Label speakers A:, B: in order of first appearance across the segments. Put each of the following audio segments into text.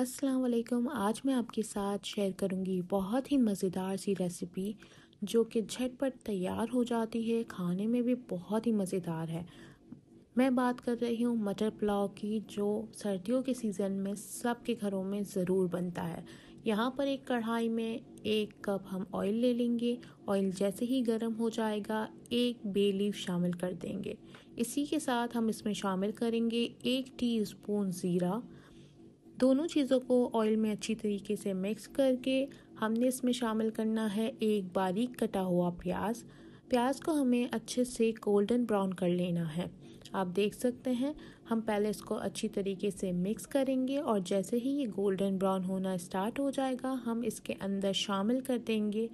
A: अस्सलाम वालेकुम आज मैं आपके साथ शेयर करूंगी बहुत ही मज़ेदार सी रेसिपी जो कि झटपट तैयार हो जाती है खाने में भी बहुत ही मज़ेदार है मैं बात कर रही हूँ मटर पुलाव की जो सर्दियों के सीज़न में सबके घरों में ज़रूर बनता है यहाँ पर एक कढ़ाई में एक कप हम ऑयल ले लेंगे ऑयल जैसे ही गर्म हो जाएगा एक बे लीफ शामिल कर देंगे इसी के साथ हम इसमें शामिल करेंगे एक टीस्पून ज़ीरा दोनों चीज़ों को ऑयल में अच्छी तरीके से मिक्स करके हमने इसमें शामिल करना है एक बारीक कटा हुआ प्याज प्याज को हमें अच्छे से गोल्डन ब्राउन कर लेना है आप देख सकते हैं हम पहले इसको अच्छी तरीके से मिक्स करेंगे और जैसे ही ये गोल्डन ब्राउन होना स्टार्ट हो जाएगा हम इसके अंदर शामिल कर देंगे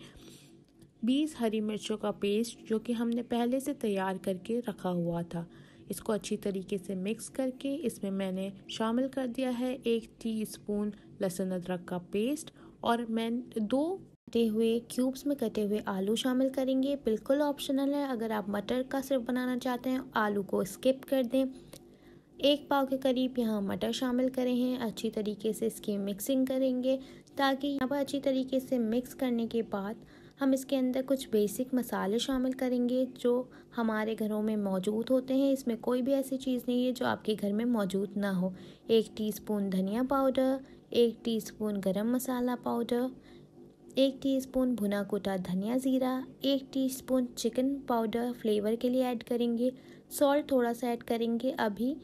A: 20 हरी मिर्चों का पेस्ट जो कि हमने पहले से तैयार करके रखा हुआ था इसको अच्छी तरीके से मिक्स करके इसमें मैंने शामिल कर दिया है एक
B: टीस्पून लहसुन अदरक का पेस्ट और मैं दो कटे हुए क्यूब्स में कटे हुए आलू शामिल करेंगे बिल्कुल ऑप्शनल है अगर आप मटर का सिर्फ बनाना चाहते हैं आलू को स्किप कर दें एक पाव के करीब यहाँ मटर शामिल करें हैं अच्छी तरीके से इसकी मिक्सिंग करेंगे ताकि यहाँ पर अच्छी तरीके से मिक्स करने के बाद हम इसके अंदर कुछ बेसिक मसाले शामिल करेंगे जो हमारे घरों में मौजूद होते हैं इसमें कोई भी ऐसी चीज़ नहीं है जो आपके घर में मौजूद ना हो एक टीस्पून धनिया पाउडर एक टीस्पून गरम मसाला पाउडर एक टीस्पून भुना कुटा धनिया ज़ीरा एक टीस्पून चिकन पाउडर फ्लेवर के लिए ऐड करेंगे सॉल्ट थोड़ा सा ऐड करेंगे अभी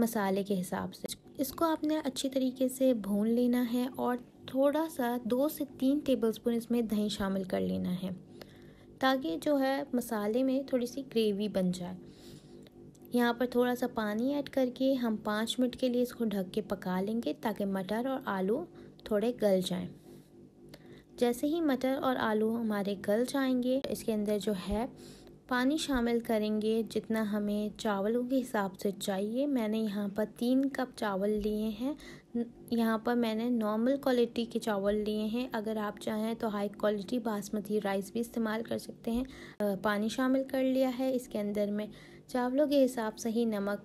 B: मसाले के हिसाब से इसको आपने अच्छी तरीके से भून लेना है और थोड़ा सा दो से तीन टेबलस्पून इसमें दही शामिल कर लेना है ताकि जो है मसाले में थोड़ी सी ग्रेवी बन जाए यहाँ पर थोड़ा सा पानी ऐड करके हम पाँच मिनट के लिए इसको ढक के पका लेंगे ताकि मटर और आलू थोड़े गल जाएं। जैसे ही मटर और आलू हमारे गल जाएंगे इसके अंदर जो है पानी शामिल करेंगे जितना हमें चावलों के हिसाब से चाहिए मैंने यहाँ पर तीन कप चावल लिए हैं यहाँ पर मैंने नॉर्मल क्वालिटी के चावल लिए हैं अगर आप चाहें तो हाई क्वालिटी बासमती राइस भी इस्तेमाल कर सकते हैं पानी शामिल कर लिया है इसके अंदर मैं चावलों के हिसाब से ही नमक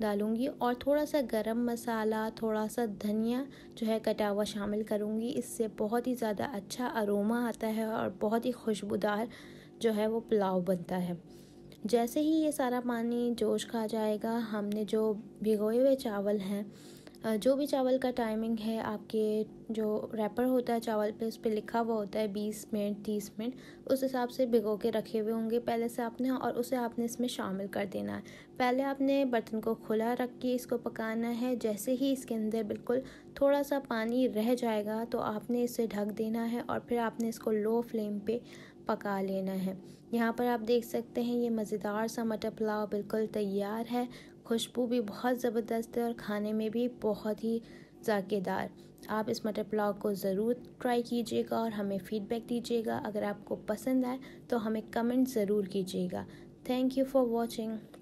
B: डालूंगी और थोड़ा सा गरम मसाला थोड़ा सा धनिया जो है कटा हुआ शामिल करूँगी इससे बहुत ही ज़्यादा अच्छा अरोमा आता है और बहुत ही खुशबूदार जो है वो पुलाव बनता है जैसे ही ये सारा पानी जोश खा जाएगा हमने जो भिगोए हुए चावल हैं जो भी चावल का टाइमिंग है आपके जो रैपर होता है चावल पे उस पर लिखा हुआ होता है बीस मिनट तीस मिनट उस हिसाब से भिगो के रखे हुए होंगे पहले से आपने और उसे आपने इसमें शामिल कर देना है पहले आपने बर्तन को खुला रख के इसको पकाना है जैसे ही इसके अंदर बिल्कुल थोड़ा सा पानी रह जाएगा तो आपने इसे ढक देना है और फिर आपने इसको लो फ्लेम पर पका लेना है यहाँ पर आप देख सकते हैं ये मज़ेदार सा मटर पुलाव बिल्कुल तैयार है खुशबू भी बहुत ज़बरदस्त है और खाने में भी बहुत ही जाकेदार आप इस मटर पुलाव को ज़रूर ट्राई कीजिएगा और हमें फ़ीडबैक दीजिएगा अगर आपको पसंद आए तो हमें कमेंट ज़रूर कीजिएगा थैंक यू फॉर वॉचिंग